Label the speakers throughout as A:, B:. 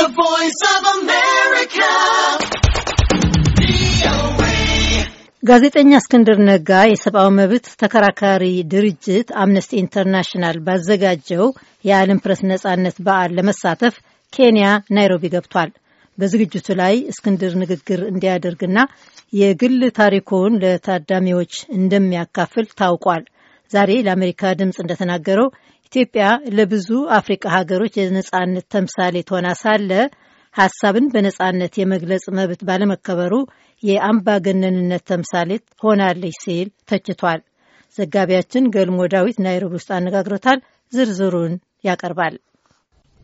A: The Voice of America.
B: ጋዜጠኛ እስክንድር ነጋ የሰብአዊ መብት ተከራካሪ ድርጅት አምነስቲ ኢንተርናሽናል ባዘጋጀው የዓለም ፕረስ ነጻነት በዓል ለመሳተፍ ኬንያ ናይሮቢ ገብቷል። በዝግጅቱ ላይ እስክንድር ንግግር እንዲያደርግና የግል ታሪኩን ለታዳሚዎች እንደሚያካፍል ታውቋል። ዛሬ ለአሜሪካ ድምፅ እንደተናገረው ኢትዮጵያ ለብዙ አፍሪካ ሀገሮች የነፃነት ተምሳሌት ሆና ሳለ ሀሳብን በነፃነት የመግለጽ መብት ባለመከበሩ የአምባገነንነት ተምሳሌት ሆናለች ሲል ተችቷል። ዘጋቢያችን ገልሞ ዳዊት ናይሮቢ ውስጥ አነጋግሮታል። ዝርዝሩን ያቀርባል።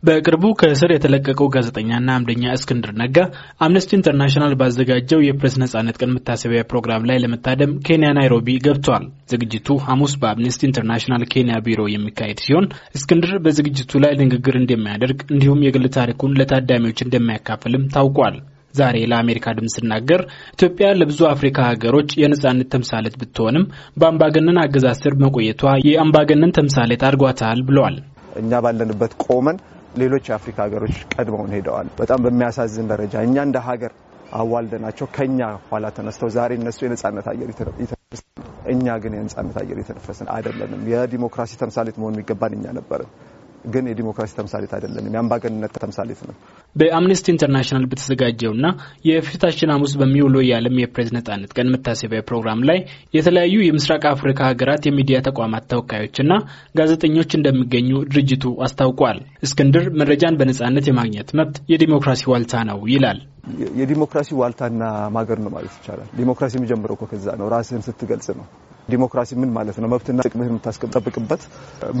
C: በቅርቡ ከእስር የተለቀቀው ጋዜጠኛና አምደኛ እስክንድር ነጋ አምነስቲ ኢንተርናሽናል ባዘጋጀው የፕሬስ ነጻነት ቀን መታሰቢያ ፕሮግራም ላይ ለመታደም ኬንያ ናይሮቢ ገብቷል። ዝግጅቱ ሐሙስ በአምነስቲ ኢንተርናሽናል ኬንያ ቢሮ የሚካሄድ ሲሆን እስክንድር በዝግጅቱ ላይ ንግግር እንደሚያደርግ እንዲሁም የግል ታሪኩን ለታዳሚዎች እንደሚያካፍልም ታውቋል። ዛሬ ለአሜሪካ ድምፅ ስናገር ኢትዮጵያ ለብዙ አፍሪካ ሀገሮች የነጻነት ተምሳሌት ብትሆንም በአምባገነን አገዛዝ ስር መቆየቷ የአምባገነን ተምሳሌት አድርጓታል ብለዋል።
A: እኛ ባለንበት ቆመን ሌሎች የአፍሪካ ሀገሮች ቀድመውን ሄደዋል። በጣም በሚያሳዝን ደረጃ እኛ እንደ ሀገር አዋልደናቸው ከኛ ኋላ ተነስተው ዛሬ እነሱ የነጻነት አየር እኛ ግን የነጻነት አየር የተነፈስን አይደለንም። የዲሞክራሲ ተምሳሌት መሆን የሚገባን እኛ ነበርን። ግን የዲሞክራሲ ተምሳሌት አይደለም፣ የአምባገንነት ተምሳሌት ነው።
C: በአምነስቲ ኢንተርናሽናል በተዘጋጀውና የፊታችን ሐሙስ በሚውለው የዓለም የፕሬስ ነጻነት ቀን መታሰቢያ ፕሮግራም ላይ የተለያዩ የምስራቅ አፍሪካ ሀገራት የሚዲያ ተቋማት ተወካዮችና ጋዜጠኞች እንደሚገኙ ድርጅቱ አስታውቋል። እስክንድር መረጃን በነጻነት የማግኘት መብት የዲሞክራሲ ዋልታ ነው ይላል።
A: የዲሞክራሲ ዋልታና ማገር ነው ማለት ይቻላል። ዲሞክራሲ የሚጀምረው ከዛ ነው፣ ራስህን ስትገልጽ ነው። ዲሞክራሲ ምን ማለት ነው? መብትና ጥቅምህን የምታስጠብቅበት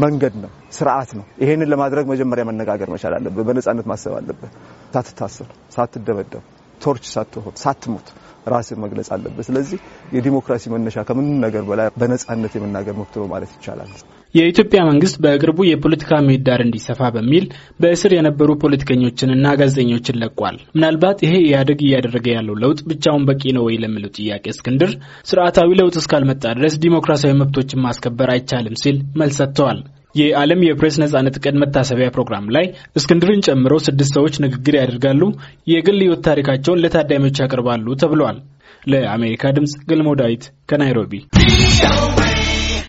A: መንገድ ነው፣ ስርዓት ነው። ይሄንን ለማድረግ መጀመሪያ መነጋገር መቻል አለብህ። በነጻነት ማሰብ አለብህ። ሳትታሰር፣ ሳትደበደብ፣ ቶርች ሳትሆን፣ ሳትሞት ራስን መግለጽ አለበት። ስለዚህ የዲሞክራሲ መነሻ ከምንም ነገር በላይ በነጻነት የመናገር መብት ነው ማለት ይቻላል።
C: የኢትዮጵያ መንግስት በቅርቡ የፖለቲካ ምህዳር እንዲሰፋ በሚል በእስር የነበሩ ፖለቲከኞችንና ጋዜጠኞችን ለቋል። ምናልባት ይሄ ኢህአዴግ እያደረገ ያለው ለውጥ ብቻውን በቂ ነው ወይ ለሚለው ጥያቄ እስክንድር ስርዓታዊ ለውጥ እስካልመጣ ድረስ ዲሞክራሲያዊ መብቶችን ማስከበር አይቻልም ሲል መልስ ሰጥተዋል። የዓለም የፕሬስ ነጻነት ቀን መታሰቢያ ፕሮግራም ላይ እስክንድርን ጨምሮ ስድስት ሰዎች ንግግር ያደርጋሉ፣ የግል ህይወት ታሪካቸውን ለታዳሚዎች ያቀርባሉ ተብሏል። ለአሜሪካ ድምፅ ገልሞ ዳዊት ከናይሮቢ